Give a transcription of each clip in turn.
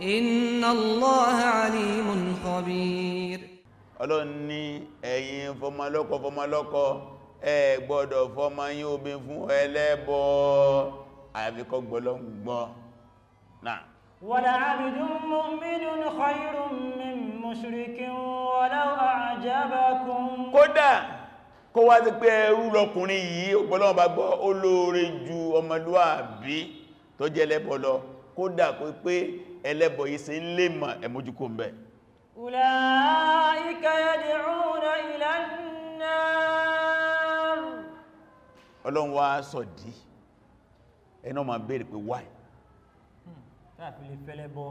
inna Allaha alimun khabir ọlọ́run ní ẹ̀yin fọmọlọ́kọ fọmọlọ́kọ ẹ gbọ́dọ̀ fọmọ yín obin fún ẹlẹ́bọ àyàfikọ́ gbọ́lọ́gbọ́ náà wàlá àbìdún mu'minun khayrun min mushrikin walau a'jabakum kódà kó wá ti pé ẹrú lọkùnrin yìí ọgbọ́lọ́wọ́ bá gbọ́ olóore ju ọmọlúwàbí tó jẹ́ lẹ́bọ lọ kódà kó pé ẹlẹ́bọ̀ yìí sí ń lè mọ̀ ẹmójúkó mẹ́ ulaika yad'una ila an-nar ọlọ́run wá sọ̀dí ẹnà ma bèèrè pé why káàkiri hmm, fẹ́lẹ́bọ́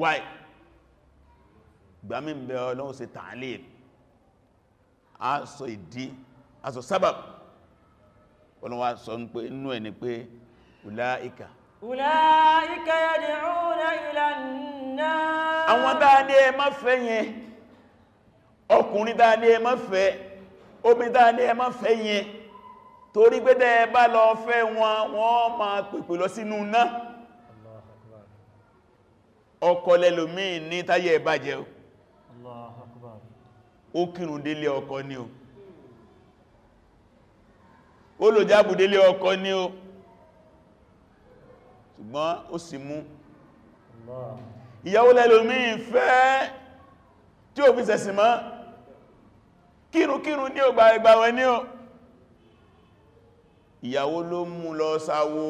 why gbàmí ń bẹ ọlọ́run sọ ń pé inú ẹni pé ulaika Ulaika yad'una ila an-nar. Àwọn dáadé ẹ má fe yẹn, ọkùnrin dáadé ma fe, omi obìnrin dáadé bá lọ fẹ́ wọn, wọ́n máa lọ sínú náà. Ọkọ lẹ́lòmí ní táyé ìbàjẹ́ o. Allahu Akbar. ọkọ ni o. Ó ọkọ ni o. ṣùgbọ́n ó sì mú ìyàwó lẹ́lòmí fẹ́ tí ò fi sẹ̀sìn mọ́ kírùkírù ní ò gbàrẹ̀gbàwẹ̀ ní ò ìyàwó ló mú lọ sáwó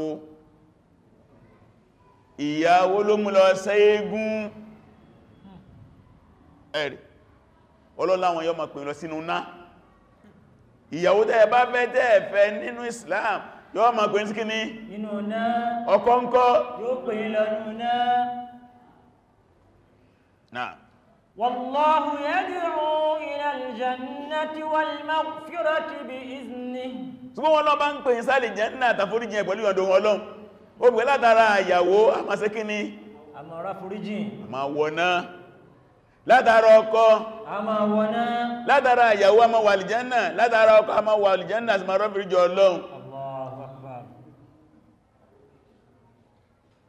ìyàwó ló mú lọ sẹ́ẹ̀gún ẹ̀rì ọlọ́láwọn yọ́ ma pè lọ sínú náà ìyàwó tẹ́ẹ̀ bá fẹ́ tẹ́ẹ̀ fẹ́ nínú Islam yóò ma pè ní síkí ní inú náà ọkọ̀ ń yóò pè lọ inú náà náà wallahu yad'u ila aljannati wal maghfirati bi iznihi ṣùgbọ́n wọn lọ bá ń pè ní sáàlì jẹ́nà àtàforíjìn pẹ̀lú ọdún ọlọ́run ó gbé látara àyàwó àmàsẹ́kíní àmàrà foríjìn àmàwọ̀ná látara ọkọ àmàwọ̀ná látara àyàwó àmàwàlìjẹ́nà látara ọkọ àmàwàlìjẹ́nà àmàrà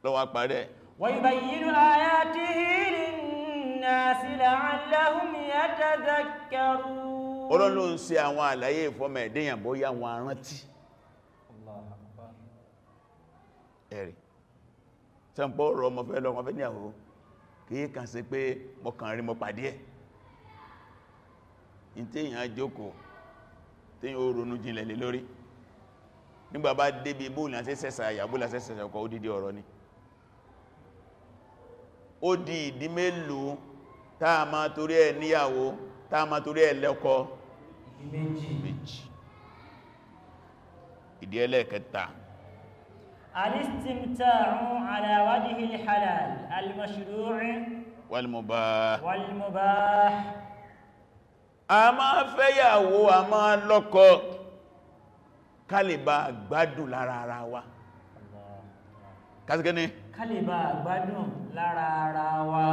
lọ́wọ́ parẹ́ wa yubayyinu ayatihi lin-nasi la'allahum yatadhakkarun olóòlò ń ṣe àwọn àlàyé ìfọ́mẹ̀ ìdíyàn bó yá wọn arántí ẹ̀rì tẹ́m̀pọ̀ ọ̀rọ̀ ọmọ fẹ́ lọ ọmọ fẹ́ níyàwó kìí kàn sí pé mọ̀kàn rí mọ̀ pàdé ẹ̀ in tí èyàn jókòó tí ó ronú jinlẹ̀ lé lórí nígbà débi bóòlù àti sẹ́sà àyàbóòlù àti sẹ́sà ọkọ̀ ó dídí ọ̀rọ̀ ni ó di ìdí mélòó táà máa torí ẹ̀ níyàwó táà máa torí ẹ̀ lọ́kọ méjì ìdí ẹlẹ́ẹ̀kẹta alistimta'u ala wajhi alhalal almashru' walmubah walmubah a máa fẹ́yàwó a máa lọ́kọ kálíbà gbádùn ara wa kásìkẹ́ ni kálìbà gbádùn lára ara wa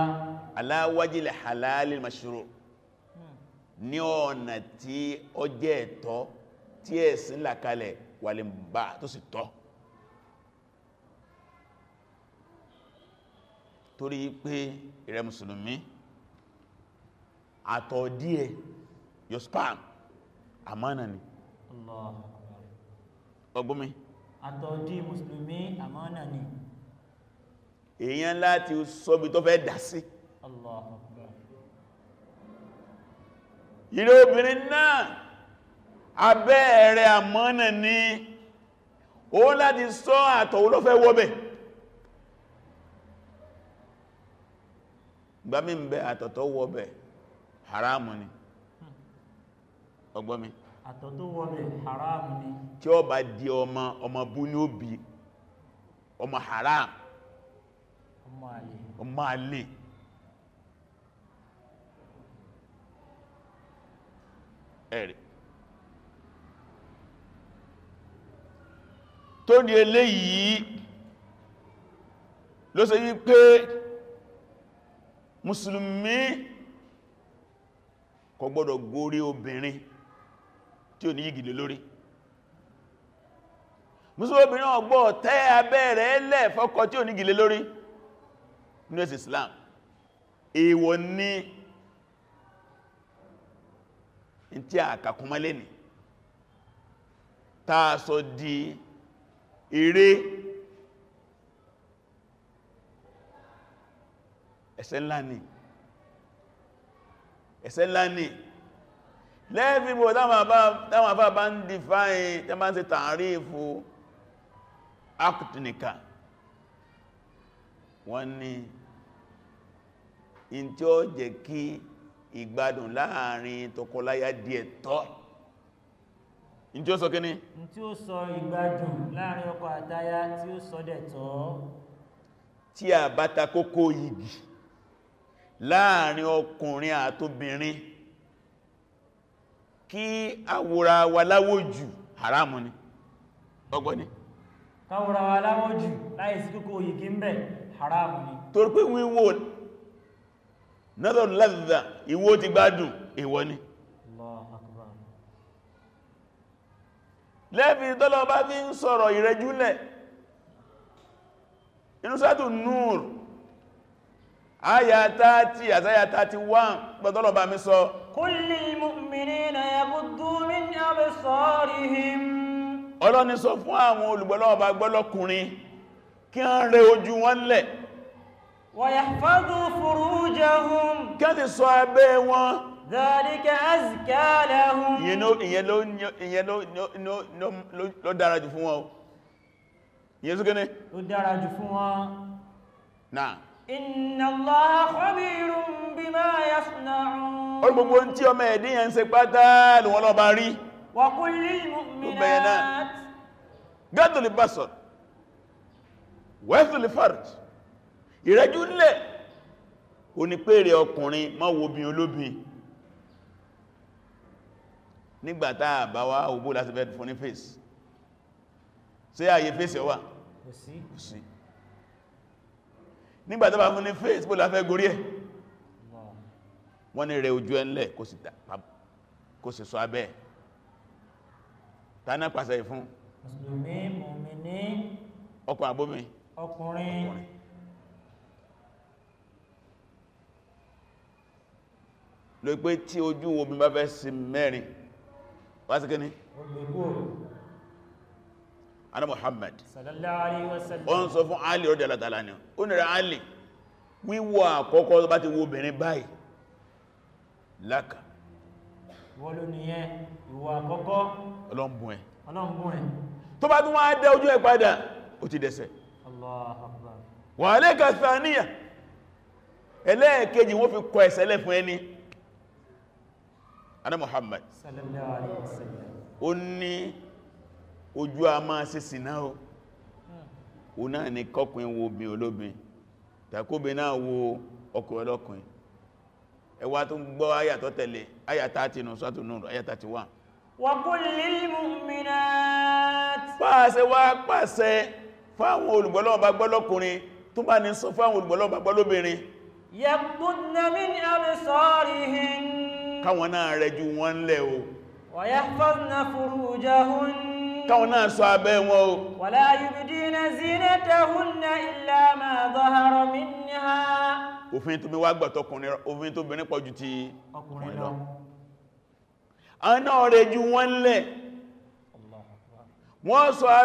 aláwájílẹ̀ halalil mashru ní ọ̀nà tí ó jẹ́ ẹ̀tọ́ tí ẹ̀sìn làkalẹ̀ wà lè bá tó sì tọ́ torí pé ìrẹ mùsùlùmí àtọ̀ yóò spam àmánà ni ọgbọ́mí àtọ̀ díẹ̀ àmánà ni èyàn láti sọ́bí tó fẹ́ dà sí ilé obìnrin náà abẹ́ rẹ̀ àmọ́nà ni ó láti sọ àtọ̀wò ló fẹ́ wọ́bẹ̀ gbámi ń bẹ àtọ̀tọ̀ wọ́bẹ̀ haramu ni ọgbọ́mi àtọ̀tọ̀ wọ́bẹ̀ haramu ni tí ó bá di ọmọ ọmọ bú ní òbí ọmọ haramu ọmọ àlè ẹ̀rì tó ní eléyìí ló ṣe yí pé mùsùlùmí kò gbọ́dọ̀ gorí obìnrin tí ò ní yìgìlè lórí mùsùlùmí náà gbọ́ tẹ́ abẹ́ rẹ̀ lẹ̀ fọ́kọ tí ò ní yìgìlè lórí ní Islam èèwọ̀ ní tí a kàkúnmọ́lé ní táa sọ di eré ẹ̀ṣẹ̀ ńlá ni ẹ̀ṣẹ̀ ńlá ni lẹ́ẹ̀fí bò dáwọn àbá bá ń define tí a bá ń ṣe tààrífù akùtù nìkan wọ́n ni in tí ó jẹ kí ìgbádùn láàrin tọkọláya díẹ̀ tọ́ in tí ó sọ kíní in tí ó sọ ìgbádùn láàrin ọkọ àtaya tí ó sọ dẹ̀ tọ́ tí a bá ta kókó yìí láàrin ọkùnrin àtobìnrin kí ni ni káwòrà láìsí kókó yìí ni torí pé nọ́dọ̀ lẹ́dà ìwọ ti gbádùn ìwọ ni lẹ́bí tọ́lọ bá fi ń sọ̀rọ̀ ìrẹjúlẹ̀ inú sátù núr ayata ti àtayata ti wá pẹ̀tọ́lọ bá mi sọ kullil mu'minina yaghuddu min absarihim ọlọ́ni sọ fún àwọn olùgbọ́lọ́ọ̀bá gbọ́lọ́kùnrin kí wọ́n rẹ ويحفظوا فروجهم kẹ́ni ṣọ́ abẹ́ wọn ذلك أزكى لهم ìyẹn ló dára jù fún wọn ìyẹn sókè ní ló dára jù fún wọn náà inna Allaha khabirun bima yasna'un orí gbogbo tí ọmọ ẹ̀díyàn ń ṣe pátá lè wọ́n lọ́ba rí wa kullil mu'minat gádùn lè bá sọ wẹ́sùn lè fàrìtì ìrẹ́jú nílẹ̀ o ní pèrè ọkùnrin má wo bí olóbin nígbàtá àbáwá òbó láti bẹ́ẹ̀ fún ní fèsì ṣé àyè fèsì ọwà kò sí nígbàtá bá fún ní fèsì bó láfẹ́ gorí ẹ̀ wọ́n ní rẹ ojú ẹnlẹ̀ kò sì sọ abẹ́ tánà pàṣẹ ìfún ọkùnrin ló pé tí ojú obìnrin bá fẹ́ sí mẹ́rin wá sí kíní ana Muhammad sallallahu alaihi wasallam ó ń sọ fún Ali rọ́dí alátàlá ni ó nìra Ali wíwọ àkọ́kọ́ tó bá ti wo obìnrin báyìí láka wọ́n ló ní ẹ ìwọ àkọ́kọ́ ọlọ́mbùn ẹ ọlọ́mbùn ẹ tó bá tún wá dá ojú ẹ padà ó ti dẹ̀sẹ̀ Allahu Akbar wa alayka thaniya ẹlẹ́ẹ̀kejì wọ́n fi kọ ẹ̀sẹ̀lẹ̀ fún ẹni ana Muhammad sallallahu alaihi wasallam ó ní ojú a máa ṣe sínà o o hmm. náà ni kọkùn wo obìn olóbin tàkóbi náà wo ọkùn ọlọ́kùn ẹwà tó ń gbọ́ ayàtọ́ tẹ̀lé ayàtà ti nù sọ́tù nù ayàtà ti wà fáwọn olùgbọ́lọ́wọ́ bá gbọ́lọ́kùnrin tó bá ní sọ fáwọn olùgbọ́lọ́wọ́ bá gbọ́lóbìnrin yaqbudna min absarihin káwọn náà rẹjú wọn lẹ̀ o wa yahfazna furujahun káwọn náà ṣọ́ abẹ́ wọn o wala yubdina zinatahunna illa ma zahara minha òfin tó bí wá gbà tọkùnrin òfin tó bìnrin pọ̀jù ti ọkùnrin lọ àwọn náà wọn lẹ̀ wọ́n ṣọ́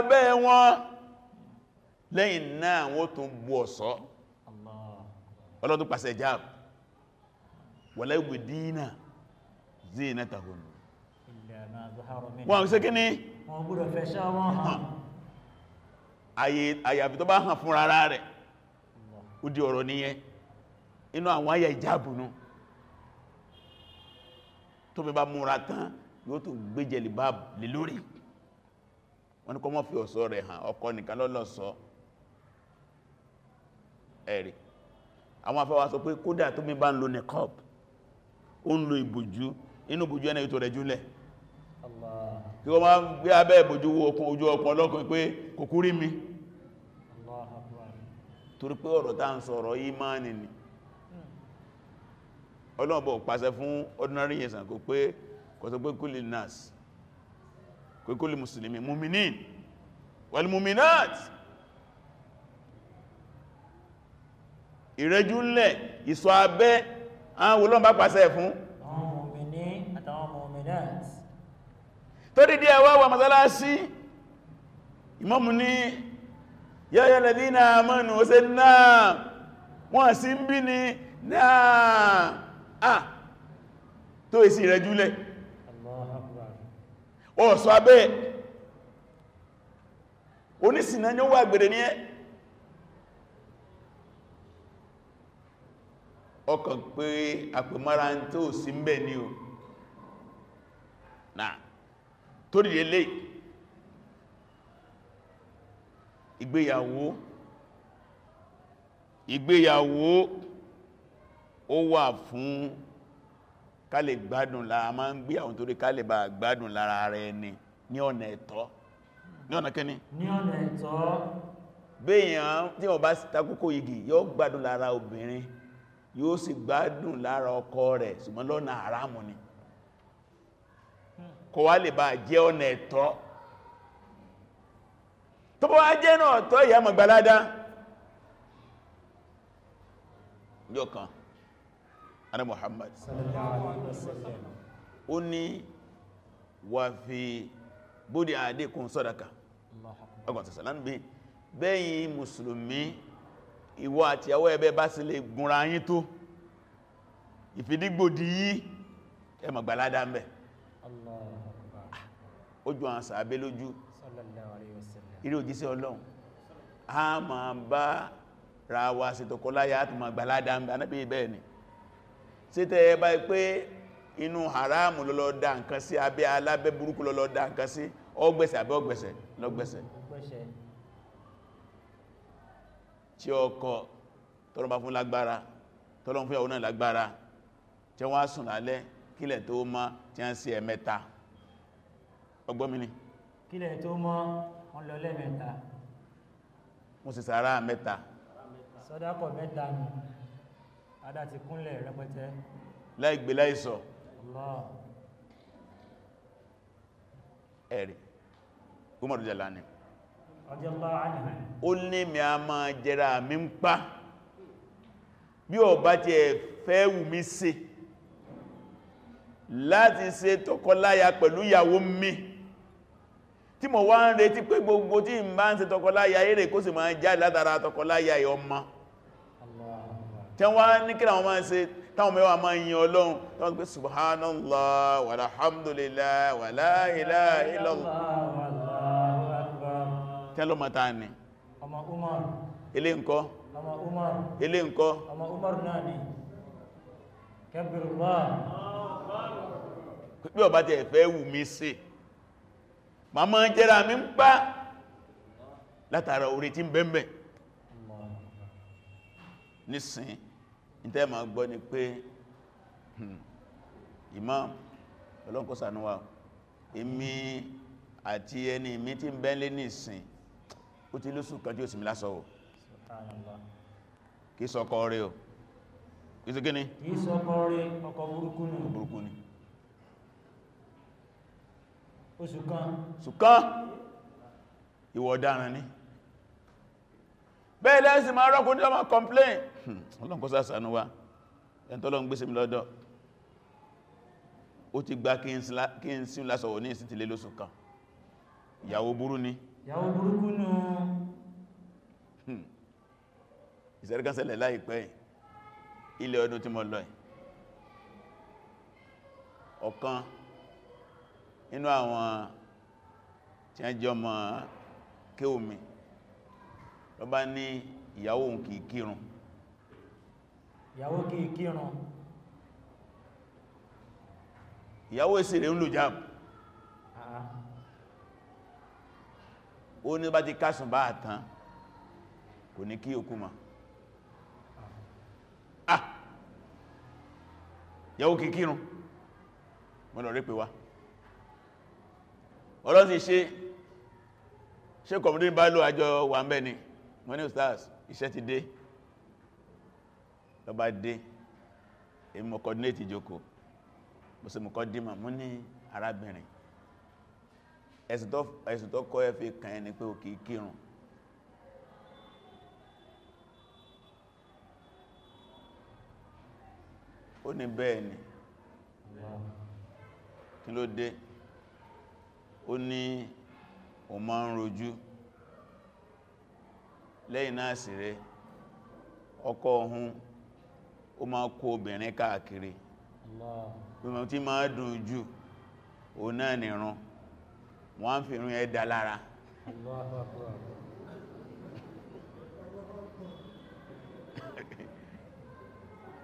zinatahun wọ́n ṣe kí ni wọ́n gbọ́dọ̀ fẹ̀ṣọ́ wọn hàn àyàfi tó bá hàn fún ara rẹ̀ ó di ọ̀rọ̀ nìyẹn inú àwọn ayẹ ìjábùnú tó bí bá múra tán yóò tó gbéjẹ̀ lìbáàbù lè lórí wọ́n ní kọ́ mọ́ fi ọ̀ṣọ́ rẹ̀ hàn ọkọ nìkan lọ́lọ́sọ ẹ̀rì àwọn afẹ́wà sọ pé kódà tó mi bá ń lo nìkọ́ọ̀bù ó ń lo ìbòjú inú bojú ẹni ètò rẹ̀ jùlẹ̀ kí wọ́n máa ń gbé abẹ́ ìbojú okun ojú ọpọ̀ ọlọ́kùn pé kò kú rí mi torí pé ọ̀rọ̀ tá ń sọ̀rọ̀ ìmáni ni ọlọ́ọ̀bọ̀ pàṣẹ fún ordinary yẹsàn kò pé kò sọ pé kúlì nas kò kúlì musulmi muminin wal muminat ìrẹjúlẹ̀ ìsọ abẹ́ àwọn olóòmbá pàṣẹ fún torí díẹ̀ wá wà mọ́sálásí ìmámù ní yọ́yọ́ lẹ́bí na mọ́nù ó naa náà wọ́n sí ń bí ní náà jule tó èsì rẹ̀ sọ abẹ́ onísìnà ni ó wà gbèrè ní ẹ́ ọkàn pé tó sí ń o. torí ilé ìgbéyàwó ìgbéyàwó ó wà fún kálẹ̀ gbádùn lára ma ń gbé àwọn torí kálẹ̀ bá gbádùn lára ara ẹni ní ọ̀nà ẹ̀tọ́ ní ọ̀nà kíní ní ọ̀nà ẹ̀tọ́ béèyàn tí ó bá takókò igi yóò gbádùn lára obìnrin yóò sì gbádùn lára ọkọ rẹ̀ ṣùgbọ́n lọ́nà àrámù ni kò wá lè bá jẹ́ ọ̀nà ẹ̀tọ́ tó bọ́ wá náà tọ́ ìyá mọ̀gbàládá yóò kan ana Muhammad ó ní wà fi bóde àdékùn sọ́daka ọgbọ̀n tẹ̀sàlá ń bí bẹ́yìn mùsùlùmí ìwọ àti àwọ ẹbẹ́ bá sí lè gúnra yín tó ìfìdígbòdì yí ẹmọ̀gbàládá ń Allah ojú àwọn sàábé lójú irú òjíṣẹ́ ọlọ́run a ma bá ra wa ṣètòkọláyà àti ma gbà ládá ń bẹ anábí bẹ́ẹ̀ ni sí tẹ́ ẹ bá pé inú haramu lọ́lọ́ dá nǹkan sí abẹ́ alábẹ́ burúkú lọ́lọ́ dá nǹkan sí ọgbẹ̀sẹ̀ abẹ́ ọgbẹ̀sẹ̀ lọ́gbẹ̀sẹ̀ tí ọkọ tọ́lọ́ bá fún lágbára tọ́lọ́ fún ìyàwó náà ọgbọ́n mi ni kílẹ̀ tó mọ́ wọn lọ mo sì sàárá mẹ́ta sọ́dápọ̀ mẹ́ta mi adá ti kúnlẹ̀ rẹpẹtẹ láìgbé láìsọ ẹ̀rì Umaru Jalani ó ní mi a máa jẹra mi ń pa bí ọ bá ti fẹ́ wù mí ṣe láti ṣe tọkọláya pẹ̀lú ìyàwó mi. Mm tí mo wá ń retí pé gbogbo tí n bá ń ṣe tọkọláya eré kó sì máa jáde látara tọkọláya ọmọ tí wọ́n ní kí àwọn máa se, táwọn mẹ́wàá máa yin ọlọ́run tó ń pè subhanallah wala ilaha illallah tẹ́lọ mọ́ta ni ọmọ Umar ilé ńkọ́ ọmọ Umar ilé ńkọ́ ọmọ Umar náà ni kẹbìrì wà bí ọba tẹ́ fẹ́ wù mí sí ma ma jẹ́ra mi ń pá látara orí tí ń bẹ́m̀bẹ̀ nísìn ìtẹ́ ma gbọ́ ni pé hmm, imam ọlọ́nkọ́ sànúwà èmi àti ẹni mi tí ń bẹ́lé nísìn ó ti lóṣù kan tí ó sì mi lásọ̀wọ̀ kí sọkọ rẹ̀ o kí sọkọ rẹ̀ ọkọ̀ burúkú ni oṣù kan oṣù kan ìwọ ọ̀daràn ni bẹ́ẹ̀ lẹ́sìn máa rọ́kùn tí ó máa complain hmm, ọlọ́nkọ́ sàṣánú wa ẹntọ́lọ́n gbé sí mi lọ́dọ̀ ó ti gba kí n sín lásọ̀wọ̀ ní ìsìtìlé lóṣù kan ìyàwó burú ni ìyàwó burúkú nù hmm. ìsẹ̀ríkánṣẹ́lẹ̀ láìpẹ́ ilé ọdún tí mo lọ ọ̀kan nínú àwọn tí wọ́n jọ mọ̀ kéwòmí ló bá ní ìyàwó òun kìí kírun ìyàwó kìí kírun ìyàwó èsì rẹ̀ ń lò jáàmù ó ní ah ìyàwó kìí kírun mọ́ lọ rí pé wá ọlọ́run ti ṣe ṣe kọmọdé bá ló àjọ wà ń bẹ́ ni wọ́n ní stars iṣẹ́ ti dé lọba dé èmọ̀ coordinate ìjókòó bó ṣe mọ̀kọ́ dímọ̀ mú ní arábìnrin ẹ̀sùn tó kọ́ ẹ fi kàn ẹni pé òkè kírun ó ní bẹ́ẹ̀ ni kí ló dé ó ní o ma ń rojú lẹ́yìn náà sì rẹ ọkọ ohun ó ma kó obìnrin káàkiri gbogbo tí ma dùn jù o náà nìran wọ́n fi rún ẹ̀dà lára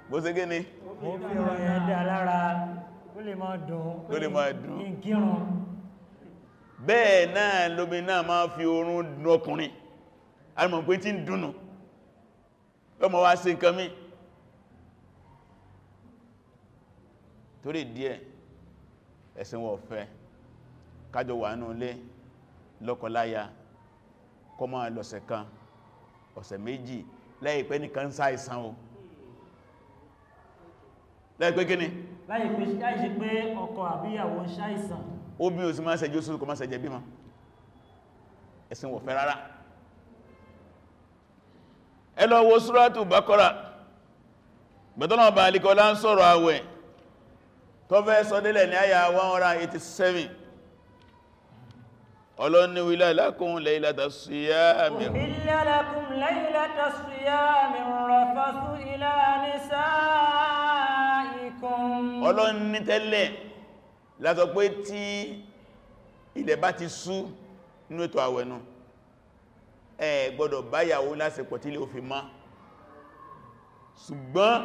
bó ṣe ó fi rún lára ó lè máa dùn ó lè máa dùn bẹ́ẹ̀ náà lóbi náà máa fi oorun dùn ọkùnrin alìmọ̀ pé tí ń dùnù ọmọ wá sí nǹkan mí torí díẹ̀ ẹ̀sìn wọ̀ fẹ́ kájọ wà nínú ilé lọ́kọláya kọ máa lọ̀sẹ̀ kan ọ̀sẹ̀ méjì láìpẹ́ nìkan ń ṣàìsàn o láìpẹ́ kíni láìpẹ́ ṣe pé ọkọ àbíyàwó ṣàìsàn obi o sì máa ṣẹjọ́ sókò máa ṣẹjẹ́ bímọ ẹ̀sìn wọ̀fẹ́ rárá ẹ lọ wo súrátù Baqara gbẹ̀tọ́nà bá alìkọlá ń sọ̀rọ̀ àwẹ̀ tó fẹ́ sọ délẹ̀ ní àyà 187 ọlọ́ni wílá lákún laylata siyami wílá lákún laylata siyami rafasu ila nisaikum ọlọ́ni tẹ́lẹ̀ látọ̀ pé tí ilẹ̀ bá ti sú nínú ètò àwẹ̀nù ẹ gbọ́dọ̀ báyàwó lásìpọ̀ tí ilé òfin má ṣùgbọ́n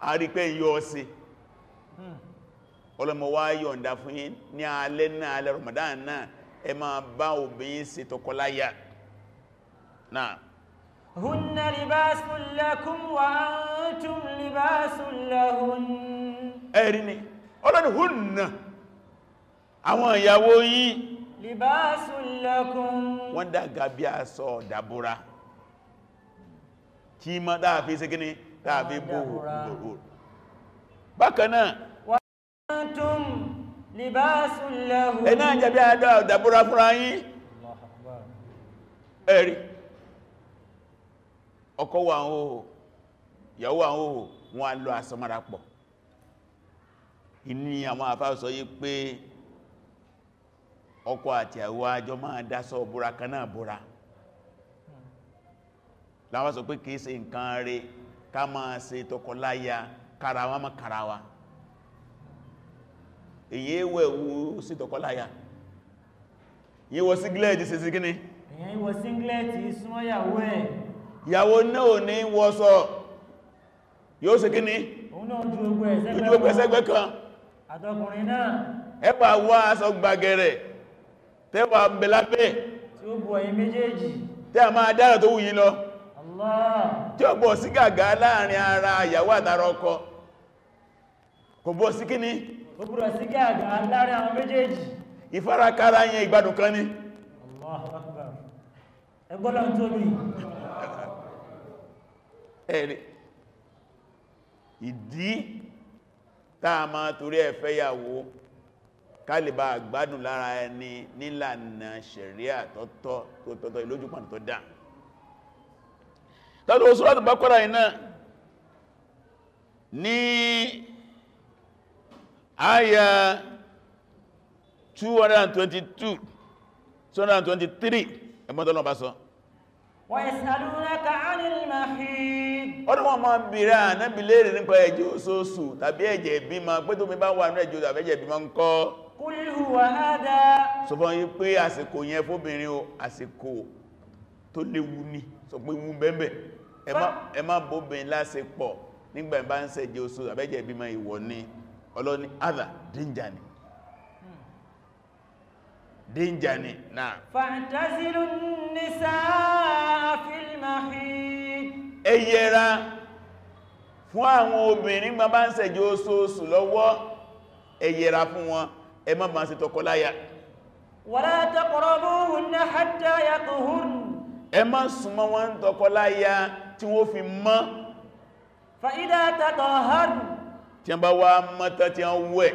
a rí pé yọ ọsẹ ọlọ́mọ wá yọ̀ǹda fún yín ní alẹ́ náà alẹ́ Ramadan náà ẹ máa bá obìnrin ṣe tọkọláyà náà هن لباس لكم وأنتم لباس لهن ẹ̀rí ni ọlọ́ni hùnnà àwọn ìyàwó yín libasun lakum wọ́n dàgà bí aṣọ dàbúra kí mọ́ dáàfí sí gíní dáàfí bòrò bákanáà wa antum libasun lahum ẹ̀nà ìjẹ̀bí àdá dàbúra fúnra ẹ̀rí ọkọ wà ń hò ìyàwó wà ń hò wọ́n lọ aṣọ pọ̀ ìní àwọn àfáàsọ yí pé ọkọ àti àwọn àjọ máa dasọ búra kanáà búra láwọn sọ pé kìí ṣe nǹkan rị ká máa ṣe tọkọláya karawa ma karawa èyí wẹ̀wú sí tọkọláya yíwọ síngílẹ̀tì sí sígíní ní yóò kíní kan àtọkùnrin náà ẹ̀pà wá aṣọ gbàgẹ̀rẹ̀ tẹ́wà belápẹ́ tí ó bọ̀ ẹ̀yìn méjèèjì tẹ́ a máa dára tó wùyí lọ tí ó bọ̀ sí gàgá láàrin ara ìyàwó àtàrà ọkọ kò bọ̀ sí kíní ó bọ̀ sí gàgá láàrin àwọn méjèèjì ìfarakara yẹn ìgbádùn kan ni ìdí táà máa torí ẹ̀fẹ́ yàwó kálìbà àgbádùn lára ẹni nílànà ṣẹ̀ríà tọ́tọ́ tó tọ́tọ́ ìlójúpàn tó dá tọ́tọ́ Sūratu Baqara iná ní àyà 222 223 ẹgbọ́n tọ́lọ́ bá sọ ọdún wọn máa bèèrè ànábì léèrè nípa ẹ̀jẹ̀ oṣooṣù tàbí ẹ̀jẹ̀ ìbímọ pé tó mi bá wà ní ẹ̀jẹ̀ oṣù àbẹ́jẹ̀ ìbímọ ń kọ́ kúlù wàhádá sọ fún yí pé àsìkò yẹn fóbìnrin o àsìkò tó léwu ni sọ pé wú bẹ́ẹ̀bẹ̀ ẹ má bóbin lásìpọ̀ nígbà ìbá ń ṣẹ̀jẹ̀ oṣù àbẹ́jẹ̀ ìbímọ ìwọ̀ ni ọlọ́ni adà díjà ni danger ni hmm. náà fàntazírù nìsá fílmàhí ẹ yẹra fún àwọn obìnrin ma bá ń ṣẹ̀jẹ̀ oṣooṣù lọ́wọ́ ẹ yẹra fún wọn ẹ má bá ń ṣe tọkọláya wala taqrabuhunna hatta yatuhurna ẹ má súnmọ́ wọn tọkọláya tí wọ́n fi mọ́ fa idha tatahharna tí wọ́n bá wá mọ́ta tí wọ́n wẹ̀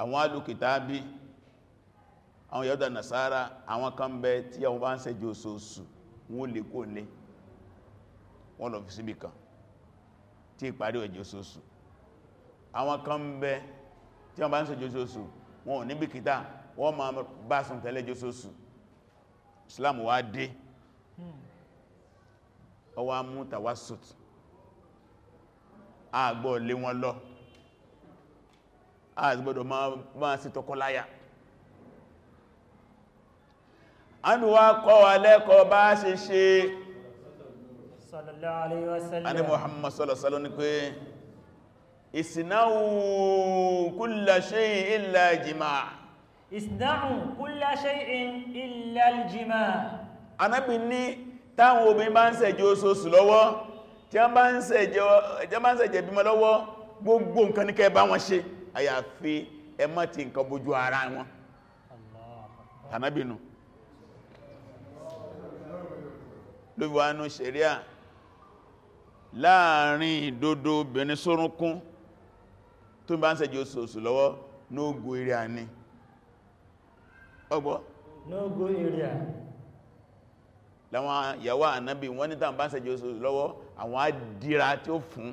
àwọn alùkìtàbí àwọn yọ́dà nasara àwọn kan bẹ tí àwọn bá ń ṣẹ́jọ oṣooṣù wọ́n lè kó lé wọ́n lọ fi síbì kan tí ìparí ọjọ́ oṣooṣù àwọn kan bẹ tí wọ́n bá ń ṣẹ́jọ oṣooṣù wọ́n ò ní bìkítà wọ́n ma bá sùn tẹ́lẹ̀ jóṣooṣù Islam wá dé ọwá mú tàwásùt àgbọ̀ lé wọn lọ àgbọ̀dọ̀ máa sí tọkọláyà anúwà kọ́ wa lẹ́kọ̀ọ́ bá ṣe ṣe sallallahu alaihi wasallam ani Muhammad sallallahu alaihi wasallam pé isna'u kulla shay'in illa al-jima' isna'u kulla shay'in illa al-jima' Ànábì ní táwọn obìnrin bá ń ṣẹ̀jẹ̀ oṣooṣù lọ́wọ́ tí wọ́n bá ń ṣẹ̀jẹ̀ bímọ lọ́wọ́ gbogbo nǹkan ní kẹ́ bá wọn ṣe àyàfi ẹmọ́ ti nǹkan bójú ara wọn tànábìnú lóbiwánú ṣẹ̀ríà láàrin ìdodo obìnrin sórúnkún tó bá ń ṣẹ̀jẹ̀ oṣooṣù lọ́wọ́ nógó eré àní ọgbọ́ nógó eré à láwọn yàwó ànábì wọ́n ní tàbí bá ń ṣẹ̀jẹ̀ oṣooṣù lọ́wọ́ àwọn àdíra tí ó fún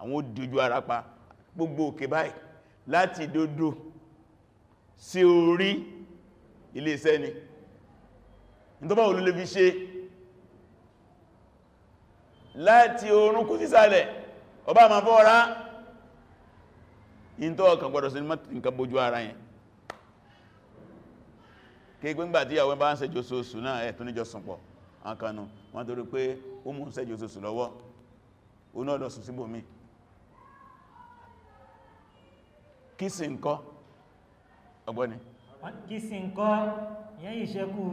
àwọn ó dojú pa gbogbo òkè báyìí láti dodo sí orí ilé iṣẹ́ ni ìtọ́bá olúlé fi ṣe láti orúnkún sísàlẹ̀ ọba ma fọ́ra ìntọ́ ọkàn gbọdọ̀ sí nǹkan bójú ara yẹn kéèkwéngbà tí àwọn bá ń ṣe jòsòsù náà ẹ̀ tó níjọ sùnpọ̀ àkànnù wọ́n torí pé ó mú ń ṣe lọ́wọ́ ó náà lọ sùn síbòmíì kìsì ǹkọ́ ọgbọ́ni kìsì ǹkọ́ yẹn ìṣẹ́kù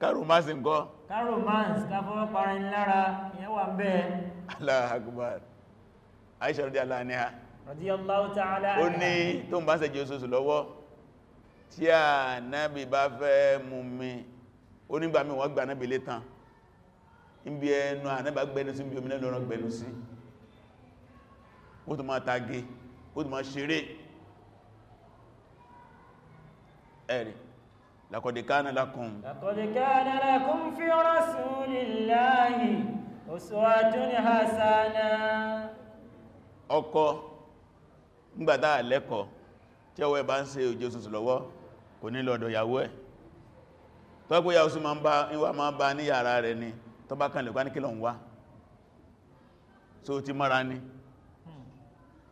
karomance ǹkọ́ karomance káfọ́wọ́ parin lára yẹn wà bẹ́ẹ̀ Allahu Akbar Aisha rọ̀dí aláàníhà radiyallahu ta'ala ó ní tó ń bá ṣe jésù lọ́wọ́ tí a náàbì bá fẹ́ mú mi ó nígbà mi wọ́n gbà náàbì lé níbi ẹnu ànábà gbẹnu sí ibi omi lẹ́nu ọ̀rọ̀ sí wọ́n tó máa tagé ó ti ma ṣeré ẹ̀rì laqad kana lakum laqad kana lakum fi rasulillahi uswatun hasana ọkọ nígbàtà lẹ́kọ̀ tí ọwọ́ ẹ̀bá ń ṣe òjò sùsù lọ́wọ́ kò ní lọ́dọ̀ ìyàwó ẹ̀ tọ́gbóyà ó sì ma ń bá ìwà rẹ̀ ni tọ́bákan lè kwá ní kílọ̀ ń wá so ti mara ni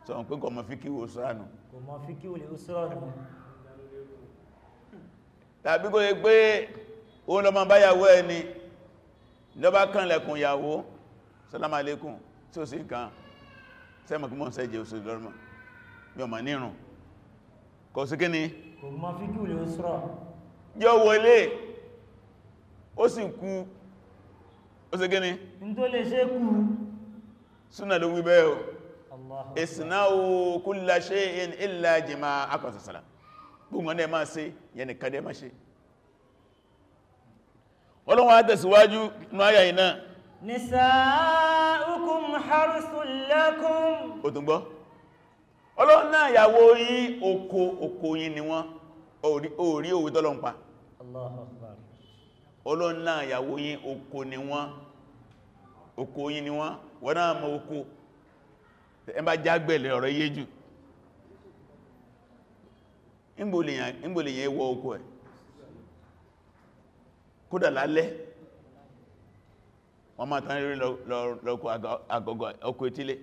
sọ pé kọmọ fíkíwò sánù kọmọ fíkíwò lè sánù tàbí kó lè pé o lọ ma báyàwó ẹni lọ́bá kan lẹ́kùn ìyàwó sálámà alékùn tí ó sì ń kan sẹ́mọ̀ kí mọ́ sẹ́jẹ̀ òṣèlú lọ́rọ̀ yọ ma nírùn kò sí kíni kọmọ fíkíwò wọlé ó sì kú ó sì kíni ní súnà ló wí bẹ́ẹ̀ o isna'u kulla shay'in illa jima'a akọ̀sọ̀sọ̀lá gbogbo ọdẹ máa ṣe yẹn nìkan dẹ máa ṣe ọlọ́wọ́n àtẹ̀síwájú ní ayà iná nisa'ukum harsun lakum òtùngbọ́ ọlọ́wọ́n náà yàwó yí oko oko yí ọlọ́wọ́n náà yàwó yí oko ẹ bá jágbẹ̀lẹ̀ ọ̀rọ̀ yé jù ya ìwọ oko ẹ̀ kódà lálẹ́ wọ́n máa tán rí lọ́kọ̀ àgọ́gọ́ ọkọ̀ etílé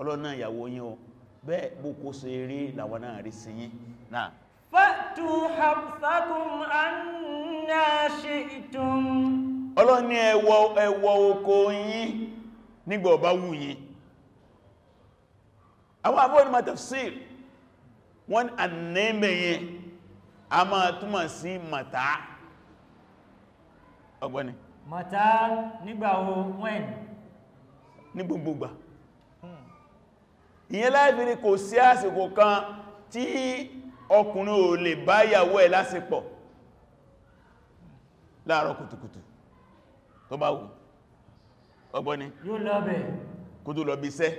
ọlọ́nà ìyàwó yín o bẹ́ẹ̀ bó kó so eré làwọn náà rí sí yín náà fàtù hamsakum anna shi'tum ẹwọ oko yín nígbà ọba wù àwọn àbúrò ní matafsir wọ́n anẹ́mẹ̀yẹ a máa túmọ̀ sí mata ọgbọ́ni mata nígbà wo when ní gbogbogbà ìyẹn láìbìrí kò sí àsìkò kan tí ọkùnrin ò lè bá ìyàwó ẹ̀ lásìpọ̀ láàárọ̀ kùtùkùtù tó bá wù ọgbọ́ni yóò lọ bẹ̀ kó lọ bí iṣẹ́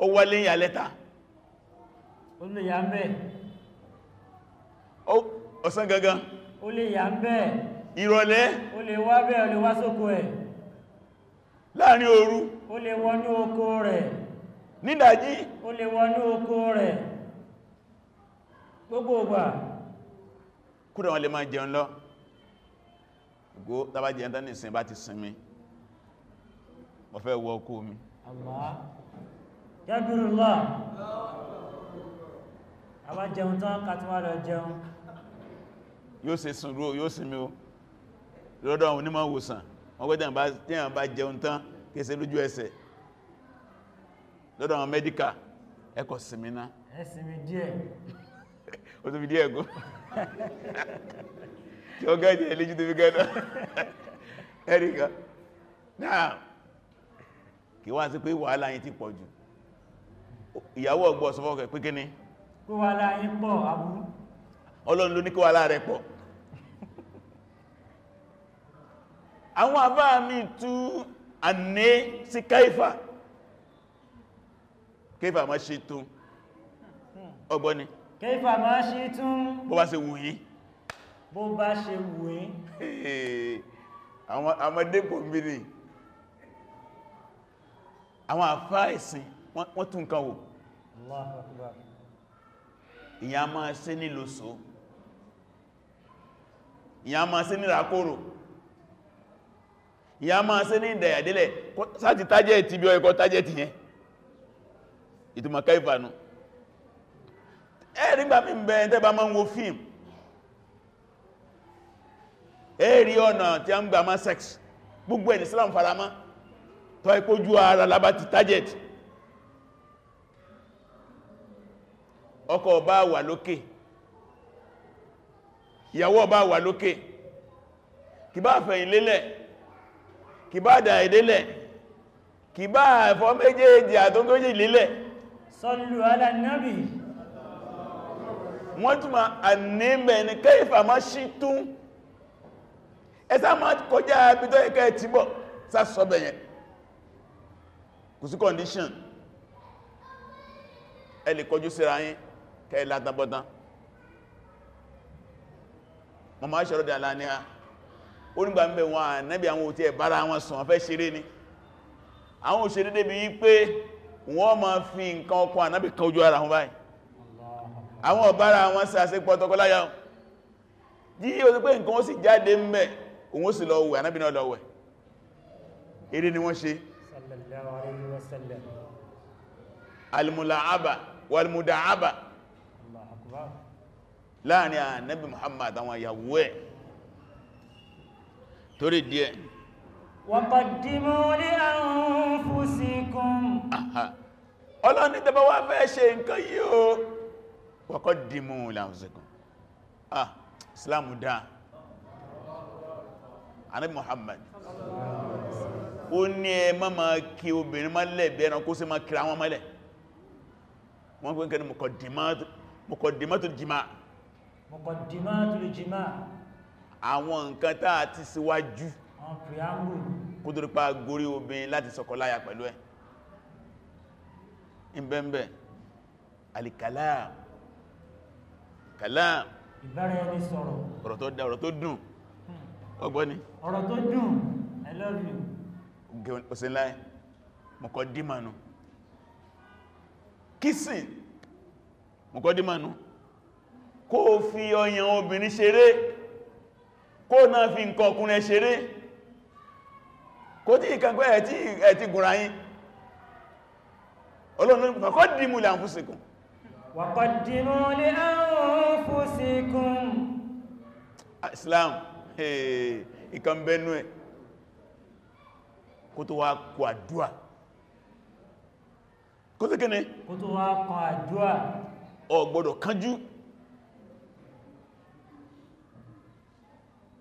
ó wọlé ìyà lẹ́ta ó lè yà ń bẹ́ ọ̀sán gangan ó lè yà ń bẹ́ ìrọ̀lẹ́ ó lè wá bẹ́ ó lè wá sóko ẹ̀ láàrin òru ó lè wọnú oko rẹ̀ nídàjí ó lè wọnú oko rẹ̀ gbogbo ọgbà kúrò wọn lè máa jẹun lọ gbogbo tàbá jẹun tán bá ti sinmi mo fẹ́ wọ oko mi Allah Yabirullah àwa jẹun tán kàtíwà lọ jẹun yóò ṣe sùúrù yóò sinmi o lọ́dọ̀ àwọn onímọ̀ òwòsàn wọ́n gbé tẹ́yàn bá jẹun tán kìí ṣe lójú ẹsẹ̀ lọ́dọ̀ àwọn mẹ́díkà ẹ kó sinmi ná ẹ sinmi díẹ̀ o tó fi díẹ̀ gún tí ó gẹ́ẹ̀dì ẹlẹ́jú tó fi gẹ́ẹ̀dọ̀ ẹ̀ríkà náà kí wá sí pé wàhálà yìí ti pọ̀ jù ìyàwó ọgbọ́ sọfọ́kẹ̀ pé kí ni kó wà láàrin pọ̀ àbú ọlọ́run ló ní kó wà láàrin pọ̀ àwọn àbá mi tú àní sí káífà káífà má ṣe tún ọgbọ́ ni káífà má ṣe tún bó bá ṣe wù yín bó bá ṣe wù yín àwọn àmọ́dépò mìíràn àwọn àfáà ìsìn wọ́n tún kan wò ìyá máa ṣe nílò so ìyá máa ṣe nílò àkóró ìyá máa ṣe ní ìdẹ̀yàdílẹ̀ sáti tájẹ́ ti bí ọ̀ẹ̀kọ́ tájẹ́ ti yẹn ìtumọ̀ káìfànú ẹ̀rígbà mi ń bẹ̀ẹ́ tẹ́bà máa ń wo fíìm ẹ̀rí ọ̀nà tí a ń gbà máa sex gbogbo ẹ̀ tọ́ ipójú ara labá ti ọkọ bá wà lókè ìyàwó bá wà lókè kì bá fẹ̀yìn lélẹ̀ kì bá dà ìdélẹ̀ kì bá ẹ̀fọ́ méjèèjì àtọ́gójì lélẹ̀ sọ́lù alánàbì wọ́n túnmà àníbẹ̀ ní kẹfà má ṣí tún ẹsá má kọjá abidọ́ ẹ̀kẹ́ tíbọ̀ sásọ́bẹ̀yẹn kò sí condition ẹ lè kọjú síra yín kẹ́ látàbọ́tán mọ̀má ṣọ́rọ̀dẹ̀ aláníhá ó nígbà mẹ́ wọn ànẹ́bí àwọn òtí ẹ̀ wọn sùn fẹ́ ṣeré ni àwọn òṣèré débi yí pé wọ́n ma fi nǹkan ọkùn ànẹ́bí kan ojú ara wọn báyìí o almulaaba walmudaaba láàrin ànábì muhammad àwọn ìyàwó ẹ̀ torí díẹ̀ wàkọ̀dìmú ní anfusikum ọlọ́ni tẹbà wá fẹ́ ṣe nǹkan yìí o wàkọ̀dìmú ní anfusikum ah islamu dá ànábì muhammad ó ní ẹ má ma kí obìnrin mọ́lẹ̀ bẹ̀rẹ̀ kó sí ma kí àwọn mọ́lẹ̀ wọ́n pín kẹ́ ni mọ̀kọ̀dìmátù muqaddimatul jima' àwọn nǹkan tá a ti síwájú kó tó rípa gorí obìnrin láti sọkọláyà pẹ̀lú ẹ̀ ìbẹ̀m̀bẹ̀ alikalam kalam ìbára ẹni sọ̀rọ̀ ọ̀rọ̀ tó dá ọ̀rọ̀ tó dùn hmm. ọgbọ́ ni ọ̀rọ̀ tó dùn I love you òsìnláì muqaddimanu kissing muqaddimanu kó fi ọyàn obìnrin ṣeré kó náà fi nǹkan ọkùnrin ṣeré kó tí ìkàngbẹ́ ẹ̀tí gùnra yín olóòrùn kọ́ dìímù lè àǹfúsìkùn Islam ìkànbẹ̀nú ẹ̀ kó tó wá kò àdúà kó tó kí ni kó tó wá kò àdúà o gbọ́dọ̀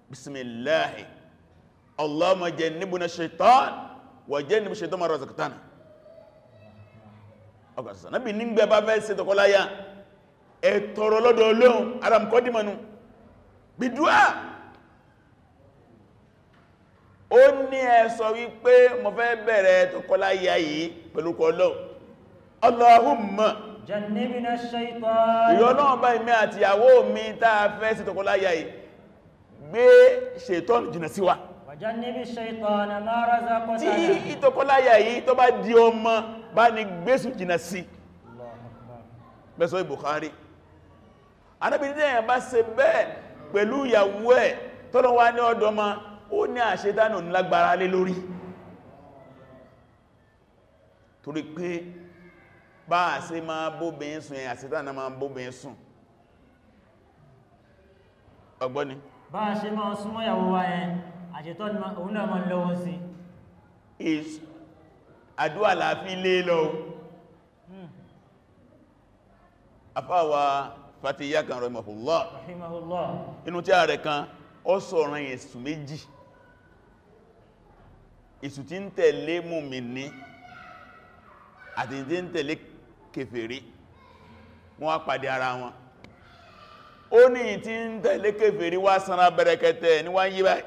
bismillahi allahumma jannibna shaitan wa jannib shaitan ma razaqtana ọgbà sọ náà bí ní gbẹ bá fẹ́ ṣe tọkọláyà ẹ̀tọ̀rọ lọ́dọ̀ olóhun aramkọ́dìmọ̀nù bìdúà ó ní ẹ sọ wípé mo fẹ́ bẹ̀rẹ̀ tọkọláyà yìí pẹ̀lú kọlọ́ allahumma jannibna shaitan ìyọ́nà ọba ìmẹ́ àtìyàwó mi tàà fẹ́ ṣe tọkọláyà yìí gbé ṣètọ́nù jìnà sí wa tí ìtọ́kọ́láyà yìí tó bá di ọmọ bá ní gbésù jìnà sí bẹ́sọ́ ìbùkárí anábìnrin ẹ̀yàn bá ṣe bẹ́ẹ̀ pẹ̀lú ìyàwó ẹ̀ tọ́lọ wá ní ọdọ́mọ ó ní àṣetánù lágbára lé lórí torí pé bá a ṣe máa bóbin sùn ẹ̀yà àṣetánù máa bóbin sùn ọgbọ́ni bá a ṣe máa súnmọ́ ìyàwó wa yẹn àṣetọ́ òun náà máa lọ́wọ́ sí àdúwà láàfin lé lọ afáwà hmm. fatiyya kan rahimahullah inú tí a rẹ̀ kan ó sọ̀rọ̀ èsù méjì èsù tí ń tẹ̀lé mùmínì àti tí ń tẹ̀lé kèfèrí wọ́n á pàdé ara wọn ó ní tí ń tẹ̀lé kèfèrí wá sanra bẹ̀rẹ̀kẹ̀tẹ̀ ní wá ń yí báyìí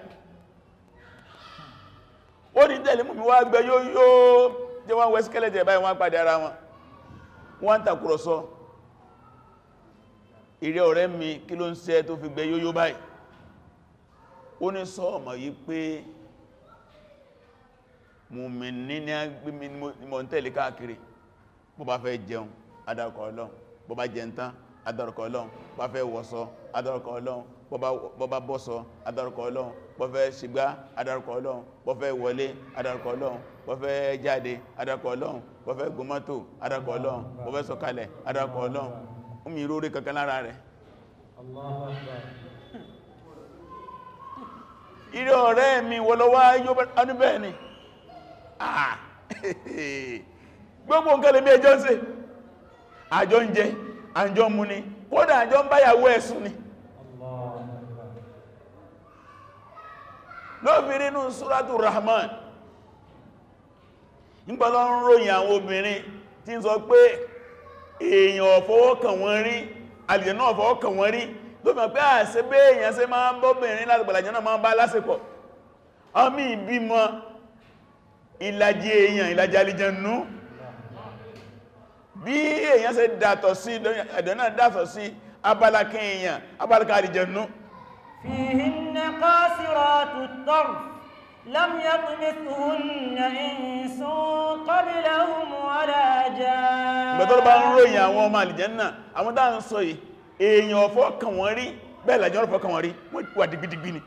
ó ní tẹ̀lé mú mi wá gbẹ yóò yóò jẹ́ wọ́n wẹ́síkẹ́lẹ̀jẹ̀ báyìí wọ́n pàdé ara wọn wọ́n tàkùrọ̀sọ ìrẹ́ ọ̀rẹ́ mi kí ló ń ṣe tó fi gbẹ yóò báyìí ni mo ń tẹ̀lé káàkiri bó bá fẹ́ jẹun adarúkọ ọlọ́run bá fẹ́ wọṣọ adarúkọ ọlọ́run bọ́bá bọ́sọ adarúkọ ọlọ́run bọ́ fẹ́ jade adarúkọ ọlọ́run bọ́ fẹ́ wọlé adarúkọ ọlọ́run bọ́ fẹ́ jáde ọlọ́run bọ́ fẹ́ ọlọ́run bọ́ fẹ́ ọlọ́run kankan àjọ mú ni kódà àjọ ń báyàwó ẹ̀sùn ni lóbìnrin nínú súrátù rahman nígbàlá ń ròyìn àwọn obìnrin tí ń sọ pé èèyàn ọ̀fọwọ́kàn wọn rí àlìyàn náà ọ̀fọwọ́kàn wọn rí tó mọ̀ pé àṣẹ bí èèyàn ṣe máa ń bọ́bìnrin láti pàlàjẹ́ náà máa ń bá lásìpọ̀ ọmọ ìbímọ ìlàjì èèyàn ìlàjì àlìjẹ̀nú bí èyàn ṣe dàtọ̀ sí ẹ̀dọ̀ náà dàtọ̀ sí abálakí èyàn abálakí àdìjẹnú fihinna qasiratu tarf lam yatmithunna insun qablahum wala jaan gbẹ̀tọ́ bá ń ròyìn àwọn ọmọ àlìjẹ́nà àwọn dáa ń sọ yìí èèyàn ọ̀fọ́ kàn wọ́n rí bẹ́ẹ̀ làjọ́ ọ̀fọ́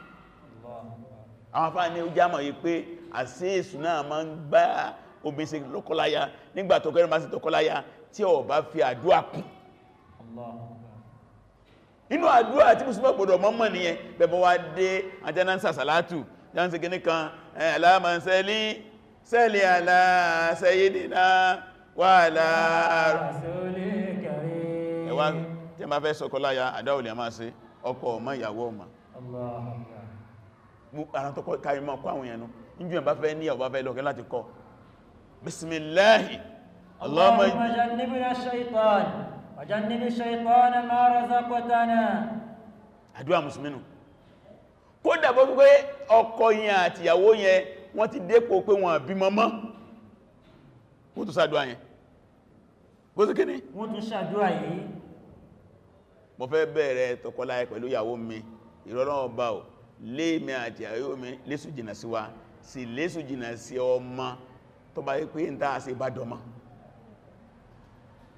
afá ní ó jámọ̀ yìí pé àṣíṣù náà máa ń gbá obìnrin ṣe lọ́kọláya nígbà tọkọrẹ máa ṣe tọkọláya tí ó bá fi àdúà kún inú àdúà tí musulman gbọdọ̀ mọ́mọ̀ nìyẹn bẹ̀bọ̀ wá dé àjẹ́nánsà sàlátù jánsì gini kan eh, aláàmàṣẹ́lì sẹ́lì ala sayyidina wa ala rasulil karim ẹwà tí a máa fẹ́ sọkọláya àdáwòlì a máa ṣe ọkọ ọmọ ìyàwó ọmọ ara tọ́kọ́ káyí máa kọ́ àwọn bismillahi اللهم جنبنا الشيطان وجنب الشيطان ما رزقتنا àdúà mùsùlùmí kódà bó pé ọkọ yẹn àti ìyàwó yẹn wọ́n ti dépò pé wọ́n bí mọ́mọ́ wọ́n tún ṣàdúà yẹn bó sí kíní wọ́n tún ṣàdúà yìí mo fẹ́ bẹ̀rẹ̀ tọkọláyé pẹ̀lú ìyàwó mi ìrọ̀rọ̀ ọba ò lé mi àti ìyàwó mi lésù jìnà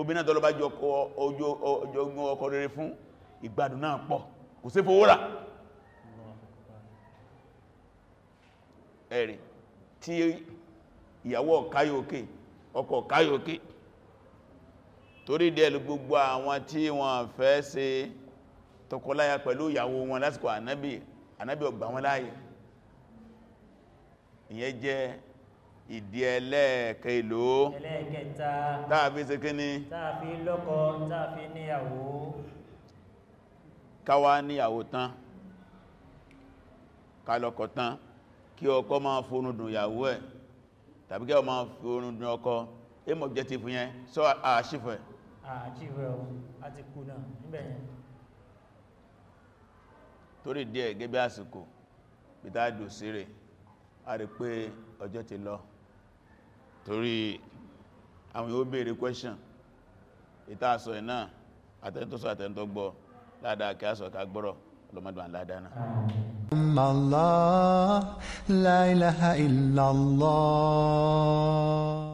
obìnrin tó lọ bá jọgbọ́n ọkọ rere fún ìgbádùn náà pọ̀ kò sí fowó rà ẹ̀rì tí ìyàwó ọ̀káyòkè ọkọ ọ̀káyòkè torí dẹ̀lú gbogbo àwọn tí wọ́n fẹ́ ṣe tọkọláya pẹ̀lú ìyàwó wọn lásìkò ànábì ànábì ò gbà ìyẹn jẹ́ ìdí ẹlẹ́ẹ̀kẹ́ ìlò ẹlẹ́ẹ̀kẹta tààfi sí kí ní tààfi lọ́kọ tààfi níyàwó káwá níyàwó tán kálọ́kọ tán kí ọkọ máa fónú dùn ìyàwó ẹ̀ tàbí kí ọ máa fónú dùn ọkọ aim objective yẹn sọ àṣífẹ́ àṣífẹ́ ohun àti kùnà níbẹ̀ yẹn torí díẹ̀ gẹ́gẹ́ àsìkò pítàdù sí rẹ̀ a rí pé ọjọ́ ti lọ torí àwọn yóò béèrè question ìta àsọ ẹ̀ náà àtẹ́ntọ́sọ àtẹ́ntọ́ gbọ́ kí àsọ ká gbọ́rọ̀ ọlọ́mọdún àládàá Allah la ilaha illallah